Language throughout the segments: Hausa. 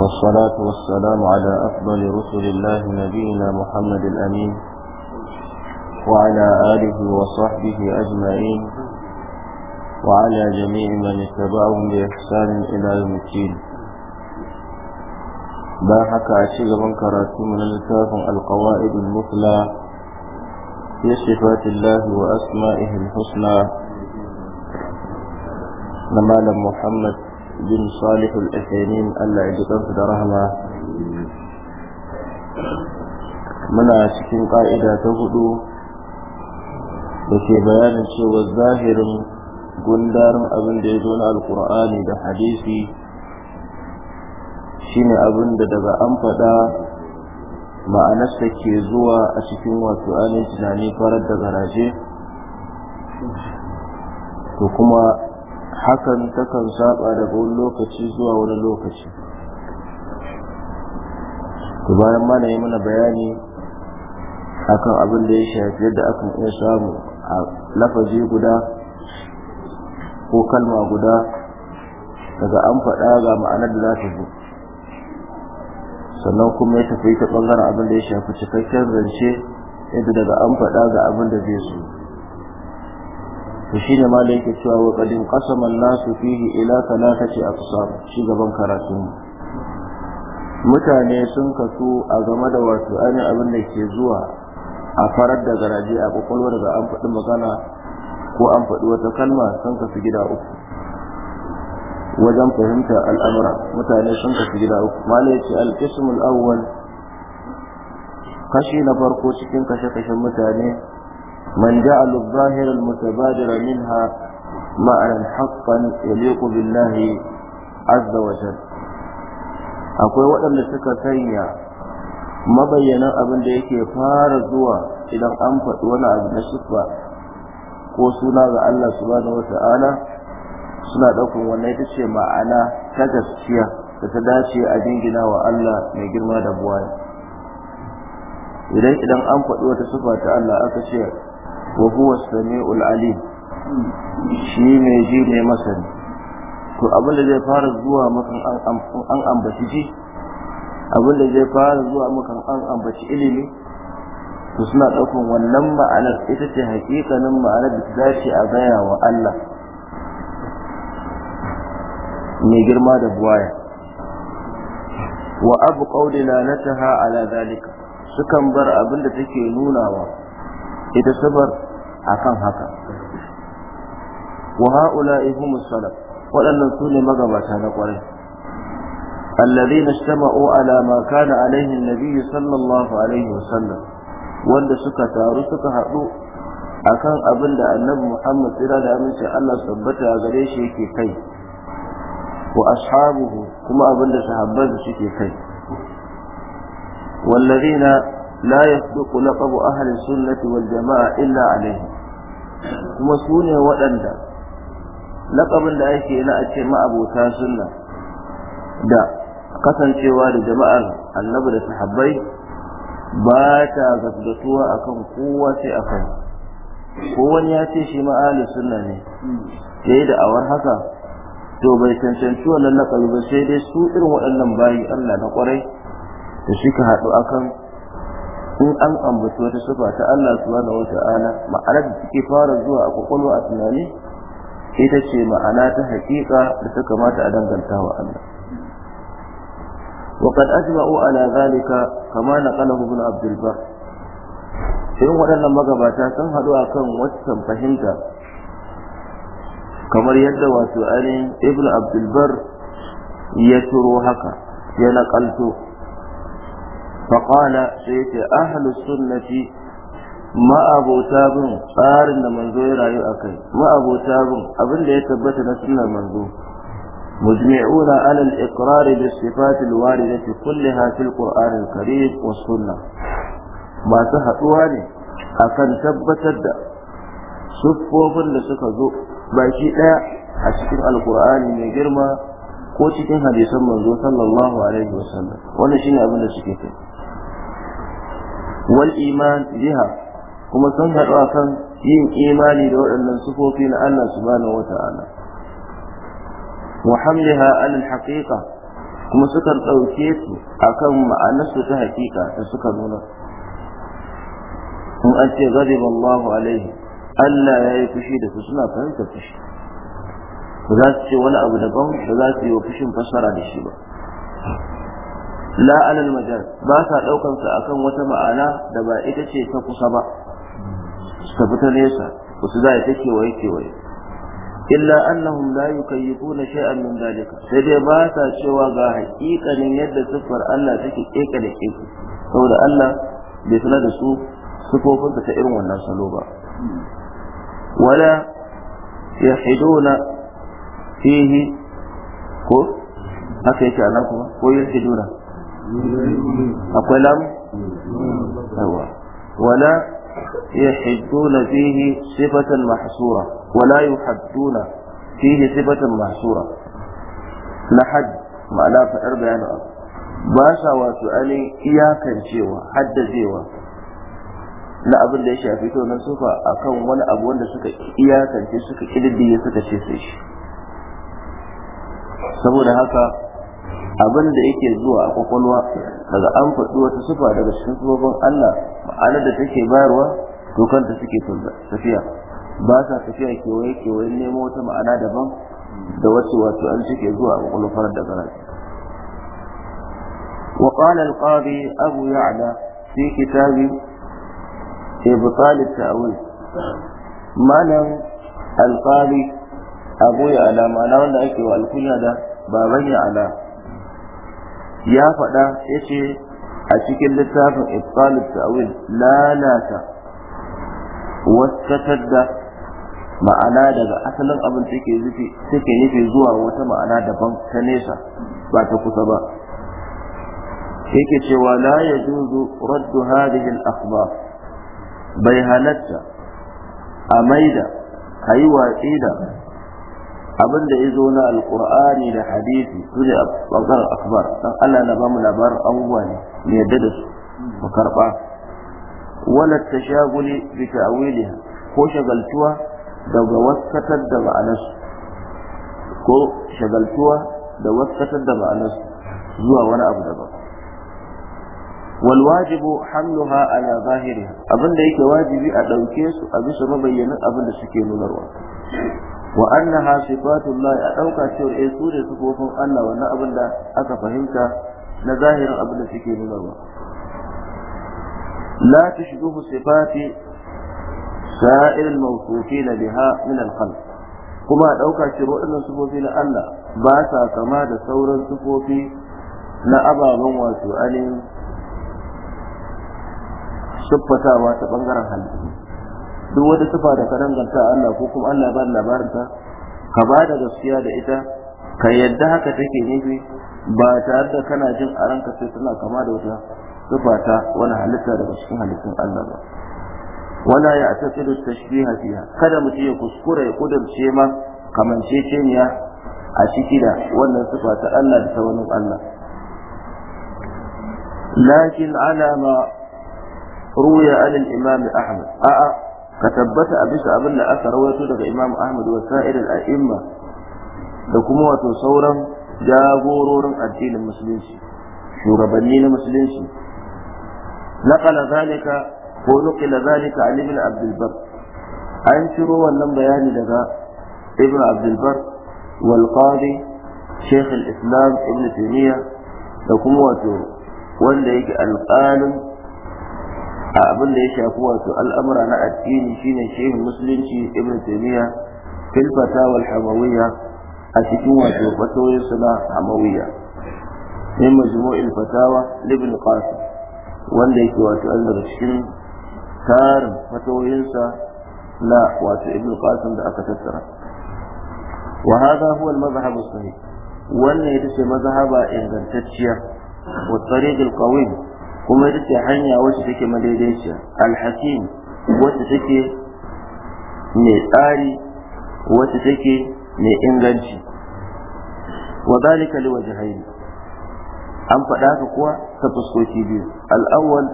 والصلاة والسلام على أفضل رسل الله نبينا محمد الأمين وعلى آله وصحبه أجمعين وعلى جميع من اتبعهم بإحسان إلى يوم الدين باحك أشيغ من ci gaban karatu na littafin alkawa'idul mutla fi sifatillahi wa asma'ihi bin salihul al Allah ya da rahama muna cikin ƙa'ida ta hudu da ke bayanin cewa zahirin gundarin abin da ya zo na alkur'ani da hadisi shine abin da daga an faɗa ma'anarsa ke zuwa a cikin wato ainihin tunani farar da garaje to kuma hakan takan saba daga wani lokaci zuwa wani lokaci ta bayan mana yi mana bayani akan abin da ya shafi yadda akan iya samu a lafazi guda ko kalma guda daga an faɗa ga ma'anar da za ta zo sannan kuma ya tafi ta ɓangaren abin da ya shafi cikakken zance yadda daga an faɗa ga abin da zai zo to shi ne malai yake cewa wa qadin qasama nasu fihi ila thalathati aqsam shi gaban karatu? mutane sun kasu a game da wato ainihin abin da ke zuwa a farar da garaje a kwakwalwar da an faɗi magana ko an faɗi wata kalma sun kasu gida uku wajen fahimta al'amura mutane sun kasu gida uku malai yace al-qismul awwal kashi na farko cikin kashe-kashen mutane من جعل الظاهر المتبادر منها معنى حقا يليق بالله عز وجل akwai waɗanda suka sanya mabayyanan abin da yake fara zuwa idan an faɗi wani abu na shifa ko suna ga Allah subhanahu wata'ala suna ɗaukar wannan ita ce ma'ana ta gaskiya da ta dace a jingina wa Allah mai girma da buwaya idan idan an faɗi wata sifa ta Allah aka ce wa huwa sami'ul alim shi ne ji ne masani to abin da zai fara zuwa maka an ambaci ji abin da zai fara zuwa makan an ambaci ilimi to suna ɗaukan wannan ma'anar ita ce hakikanin ma'anar da za shi a gaya wa Allah mai girma da buwaya wa abu ƙaudina na taha ala zalika sukan bar abin da take nunawa ita sabar akan haka wa ha'ula'i humus salaf waɗannan su ne magabata na ƙwarai alladhina ijtama'u ala ma kana alaihi an-nabiy sallallahu alaihi wasallam wanda suka taru suka haɗu akan abin da annabi Muhammad tsira da aminci Allah tabbata gare shi yake kai wa ashabuhu kuma abin da sahabban suke kai والذين لا يصدق لقب أهل السنة jama'a illa عليهم kuma su ne waɗanda laƙabin da ake na a ce ma'abota suna da kasancewa da jama'ar annabi da sahabbai ba ta a kan kowa sai a kan kowani ya ce shi ma'ali suna ne ta da awar haka to bai cancanci wannan laƙabi ba sai dai su irin waɗannan bayi Allah na ƙwarai da suka haɗu a kan. an ambaci wata sifa ta Allah subhanahu wata'ala ma'anar da take fara zuwa a kwakwalwa a tunani ita ce ma'ana ta hakika da ta kamata a danganta wa Allah وقد أجمعوا على ذلك كما نقله ابن عبد البر irin waɗannan magabata sun haɗu a kan wasu fahimta kamar yadda wato ainihin ibn abdulbar ya turo haka ya naƙalto فقال سيت أهل السنة ما أبو تابن قارن من زوير أيو أكي ما أبو تابن أبن لي تبت نسلنا منذ مجمعون على الإقرار بالصفات الواردة كلها في القرآن الكريم والسنة ما تهتواني أكن تبت siffofin da suka zo baki ɗaya a cikin alkur'ani mai girma ko cikin hadisan manzo sallallahu alaihi wasallam wannan shine abin da suke kai wal iman biha kuma sun haɗu akan yin imani da waɗannan sufofi na Allah subhanahu wata'ala wa hamliha alal haqiqa kuma sukan ɗauke su akan ma'anarsu ta haƙiƙa da suka nuna in an ce ghadiba Allahu alaihi Allah ya yi fushi da su suna fahimtar fushi za su ce wani abu daban ba za su yi wa fushin fassara da shi ba la alal majal ba sa daukan sa akan wata ma'ana da ba ita ce ta kusa ba ta nesa wasu za ta kewaye kewaye illa annahum la yukayyifuna shay'an min dalika sai dai ba sa cewa ga haƙiƙanin yadda siffar Allah take keke da keke saboda Allah bai sanar da su sifofin ta irin wannan salo ba wala ko haka kuma ko akwai lam yawa wala na fihi sifatan mahsura wala Na fihi sifatan mahsura na hajj ma'ana faɗar bayanin abu ba sa wasu ainihin iyakancewa haddazewa na abin da ya shafi to nan sufa akan wani abu wanda suka iyakance suka ya suka ce sai shi saboda haka abin da yake zuwa a kwakwalwa daga an faɗi wata sufa daga cikin sufofin Allah ma'anar da take bayarwa to kanta suke tafiya ba sa tafiya kewaye kewaye nemo wata ma'ana daban da wasu wato an cike zuwa a farar da ya'la fi kitabi أبو يعلى tawil كتاب al-qadi abu ya'la أبو wanda ake wa al-kunya da بابي يعلى ya faɗa ya ce a cikin littafin ibtalib ta'wil lalata waskatar da ma'ana daga asalin abin yake nufi take nufi zuwa wata ma'ana daban ta nesa ba ta kusa ba yake cewa la yajuzu raddu hadhihi al-akhbar bai halatta a maida watsi abin da ya zo na alkur'ani da hadisi su ne ɓangar akbar dan Allah na ba mu labarin abubuwa ne mu yadda da su mu karɓa wala tashaguli bi ta'wiliha ko shagaltuwa daga waskatar da ma'anarsu ko shagaltuwa da waskatar da ma'anarsu zuwa wani abu daban wal wajibu hamluha ala zahiriha abin da yake wajibi a ɗauke su a bisa mabayyanin abin da suke nunarwa wa annaha sifatullah a dauka cewa eh su ne sifofin Allah wannan abin da aka fahimta na zahirin abin da suke nuna ba la tashbihu sifati sa'ir al-mawsufin biha min al-khalq kuma dauka cewa waɗannan sifofi na Allah ba sa kama da sauran sifofi na ababen wato ainihin siffatawa ta bangaren halittu duk wata sifa da ka danganta Allah ko kuma Allah ba labarin ka ba da gaskiya da ita ka yadda haka take nufi ba tare da kana jin a ranka sai tana kama da wata sifa ta wani halitta daga cikin halittun Allah ba wala ya taqidu tashbiha fiha kada mutum ya kuskura ya kudurce ma kamanceceniya a ciki da wannan sifa ta Allah da ta wani Allah lakin alama ruya an al-imam Ahmad a'a ka tabbata a bisa abin da aka rawaito daga Imam Ahmad wa sa'ir al da kuma wato sauran jagororin addinin musulunci shugabanni na musulunci naqala zalika ko nuqila zalika an ibn Abdul Bar an ciro wannan bayani daga ibn Abdul Bar wal qadi Sheikh al-Islam Ibn Taymiyyah da kuma wato wanda yake alƙalin a abin da ya shafi wato al'amura na addini shine shehin musulunci ibn taymiya fil fatawa hamawiyya a cikin wato fatawoyinsa na hamawiyya min majmu'il fatawa ibn qasim wanda yake wato an daga cikin tarin fatawoyinsa na wato ibn qasim da aka tattara wa hadha huwa al-madhhab as-sahih wannan ita ce mazhaba ingantacciya wa tariq al-qawim kuma ita ce hanya wacce take madaidaiciya alhakim wacce take mai tsari wacce take mai inganci wa zalika li wajhayn an faɗa ka kuwa ta fuskoki biyu al'awwal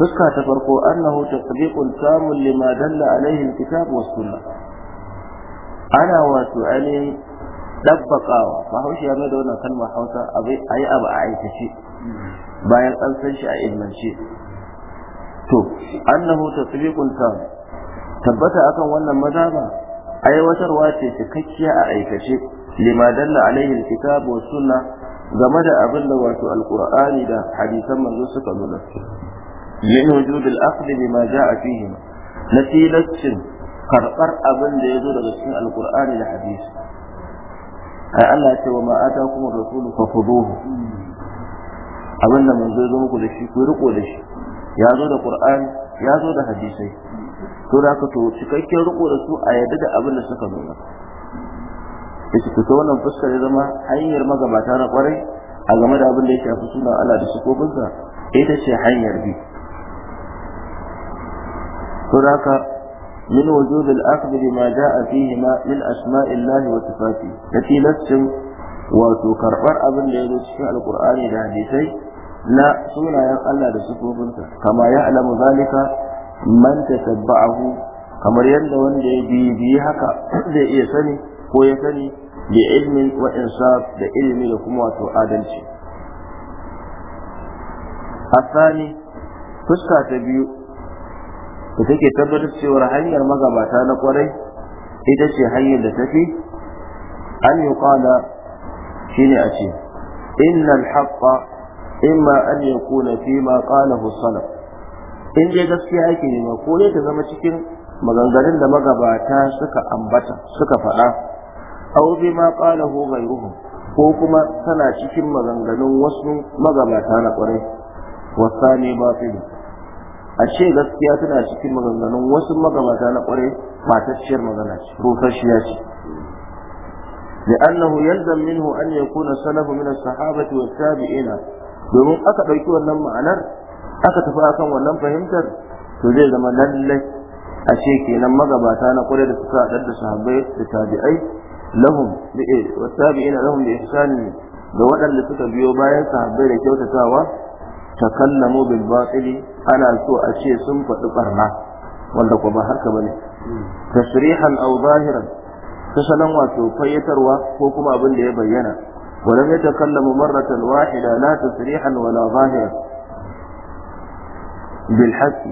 fuska ta farko annahu tasbiqun samun lima dalla alaihi alkitab wa ana wato ainihin dabbakawa bahaushe ya mai da wannan kalmar hausa a yi abu a aikace bayan an san shi a ilmance to annahu tasbiqun tam tabbata akan wannan mazhaba aiwatarwa ce cikakkiya a aikace lima dalla alaihi alkitab wa sunna game da abin da wato alqur'ani da hadisan manzo suka nuna min wujud al-aqd bima ja'a fihi na tilastin karbar abin da yazo daga cikin alqur'ani da hadisi ai Allah ya ce wa ma atakum ar-rasulu fakhudhuhu abin da manzo zo muku da shi ku riko da shi ya zo da qur'ani ya zo da hadisai to da ka to cikakken riko da su a yadda da abin da suka nuna yace ku ta wannan fuskar ya zama hanyar magabata na kwarai a game da abin da ya shafi sunan Allah da sifofinsa ita ce hanyar bi to da ka من وجود الأخذ بما جاء فيهما من أسماء الله وصفاته التي نفس وتكرر أبن ليلو في القرآن الحديثي na sunayen Allah da sifofinsa kama ya alamu zalika man tasabba'ahu kamar yadda wanda ya bibiyi haka zai iya sani ko ya sani bi ilmin wa insaf da ilimi da kuma wato adalci asani fuska ta biyu da take tabbatar cewar hanyar magabata na kwarai ita ce hanyar da tafi an yi kwana shine a ce innal haqqa imma an yakuna fi ma qalahu salaf in dai gaskiya ake nema ko dai zama cikin maganganun da magabata suka ambata suka faɗa aw bi ma qalahu ghayruhum ko kuma tana cikin maganganun wasu magabata na kwarai wasani batil a ce gaskiya tana cikin maganganun wasu magabata na kwarai matacciyar magana ce rusasshiya ce لأنه يلزم منه أن يكون السلف من الصحابة والتابعين domin aka ɗauki wannan ma'anar aka tafi akan wannan fahimtar to zai zama lallai ashe kenan magabata na kwarai da suka haɗar da sahabbai da tabi'ai lahum bi wasabi'ina lahum bi ihsani ga waɗanda suka biyo bayan sahabbai da kyautatawa takallamu bil batili ana so a ce sun faɗi barna wanda kuma haka bane tasrihan aw zahiran ta salon wato fayyatarwa ko kuma abin da ya bayyana ولم يتكلم مرة واحدة لا تصريحا ولا ظاهرا بالحق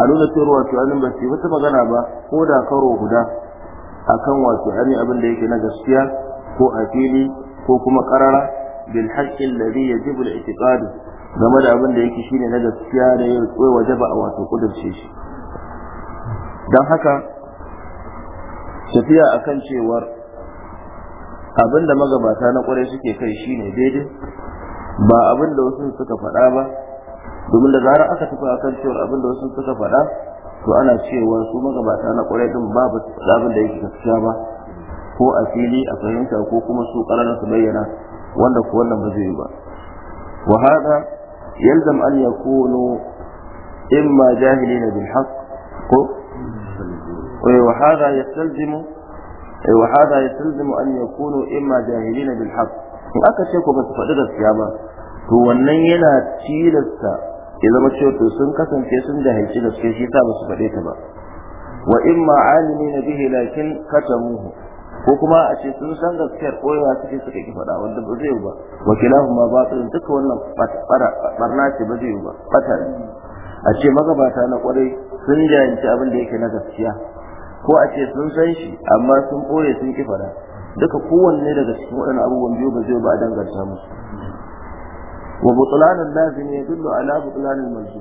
a nuna cewa wato ainihin ba su wata magana ba ko da karo guda kan wato ainihin abin da yake na gaskiya ko a fili ko kuma karara bil haqqin ladhi yajibu al i'tiqadu game da abin da yake ne na gaskiya da ya tsoye ba a wato ƙudurce shi Don haka tafiya akan cewar abin da magabata na ƙwarai suke kai ne daidai ba abin da wasu suka faɗa ba domin da zarar aka tafi kan cewar abin da wasu suka faɗa to ana cewa su magabata na ƙwarai din babu abin da yake gaskiya ba ko a fili a fahimta ko kuma su ƙararra su bayyana wanda ko wannan ba zai yi ba wa hada yalzam an yakunu imma jahilina bil haqq ko eh, wa hada yastalzimu وهذا يستلزم ان يكونوا اما جاهلين بالحق in aka ce ku ba su faɗi gaskiya ba to wannan yana tilasta ya zama ce to sun kasance sun jahilci gaskiya shi ta ba su faɗe ta ba wa imma alimina bihi lakin katamuhu ko kuma a ce sun san gaskiyar koyewa suke suka ki faɗa wanda ba zai yi ba wa kilahuma batilun duka wannan barna ce ba zai yi ba bata a ce magabata na ƙwarai sun jayanci abin da yake na gaskiya ko a ce sun san shi amma sun ɓoye sun ki fara duka kowanne daga cikin waɗannan abubuwan biyu ba zai ba a danganta musu wa butlanin lazim ya dullu ala butulanin manzu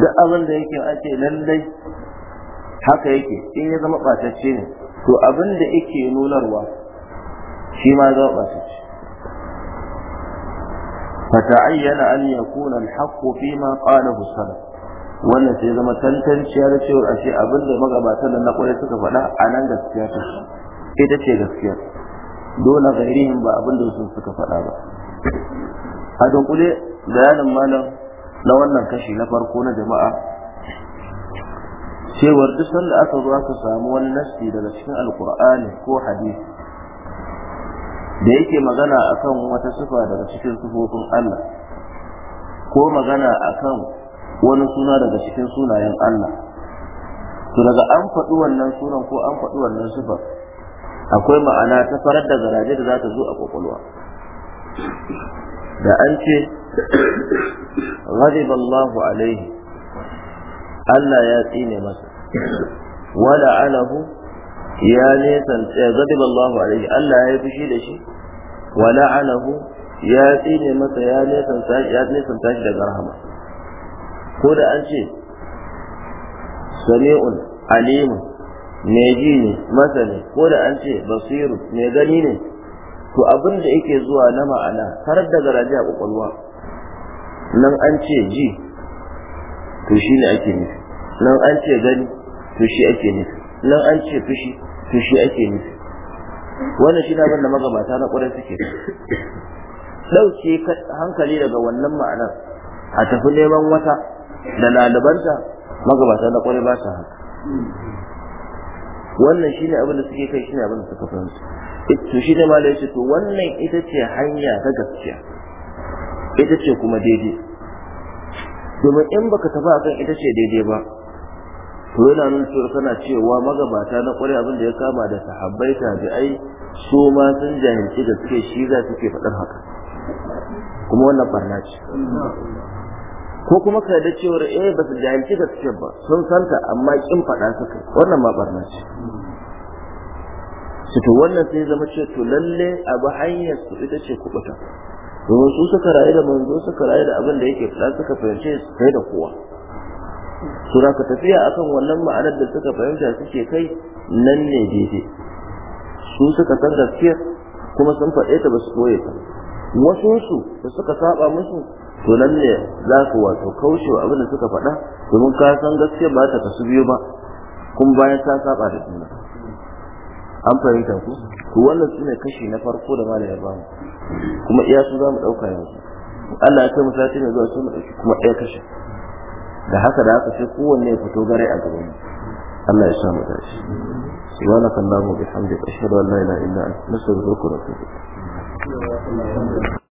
duk abin da yake ake lallai haka yake in ya zama ɓatacce ne to abin da yake nunarwa shi ma zama ɓatacce فتعين أن يكون الحق فيما قاله السلف wannan sai zama tantanciya da cewar ashe abin da magabatan da na kwarai suka faɗa a nan gaskiya ta ita ce gaskiya dole gairihin ba abin da su suka faɗa ba a dunkule bayanin malam na wannan kashi na farko na jama'a cewar duk sanda aka zo aka samu wani nasti daga cikin alkur'ani ko hadisi da yake magana akan wata sifa daga cikin sifofin Allah ko magana akan wani suna daga cikin sunayen Allah to daga an faɗi wannan sunan ko an faɗi wannan sifar akwai ma'ana ta farar da garaje da za ta zo a kwakwalwa da an ce ghadiba Allahu alaihi Allah ya tsine masa wala alahu ya nisan ghadiba Allahu alaihi Allah ya yi fushi da shi wala alahu ya tsine masa ya nesan tashi daga rahama ko da an ce sami'un alimun ne ji ne masani ko da an ce basiru ne gani ne to abin da yake zuwa na ma'ana har da garaje a nan an ce ji to shi ne ake nufi nan an ce gani to shi ake nufi nan an ce fushi to shi ake nufi wannan shi na abin da magabata na ƙwarai suke ɗauke hankali daga wannan ma'anar a tafi neman wata da lalibanta magabata na kwarai ba ta haka wannan shi abin da suke kai shi abin da suka fahimta eh, to ne ma da yace to wannan ita ce hanya ta gaskiya ita ce kuma daidai domin in baka tafi akan ita ce daidai ba to yana nuna cewa kana cewa magabata na kwarai abin da ya kama da sahabbai tabi'ai su ma sun jahilci gaskiya shi za su ke faɗar haka kuma wannan barna ce ko kuma ka yarda cewar eh ba su jahilci gaskiyar ba sun santa amma kin faɗa suka wannan ma barna ce su to wannan sai zama ce to lalle abu hanyar su ita ce kubuta domin su suka rayu da manzo suka rayu da abin da yake faɗa suka fahimce sai da kowa su ka tafiya akan wannan ma'anar da suka fahimta suke kai nan ne daidai su suka san gaskiyar kuma sun faɗe ta ba su koye ta wasu su da suka saba musu to nan ne za ka wato kaushe wa abin da suka faɗa domin ka san gaskiya ba ta kasu biyu ba kuma bayan ta saba da juna an fahimta ku to wannan su ne kashi na farko da malam ya bamu kuma iya su za mu ɗauka yanzu Allah ya ce mu sati ne zuwa sai mu ɗauki kuma ɗaya kashi da haka da haka sai kowanne ya fito gare a gaban Allah ya sa mu tashi. سبحانك اللهم وبحمدك اشهد ان لا اله الا انت نستغفرك ونتوب اليك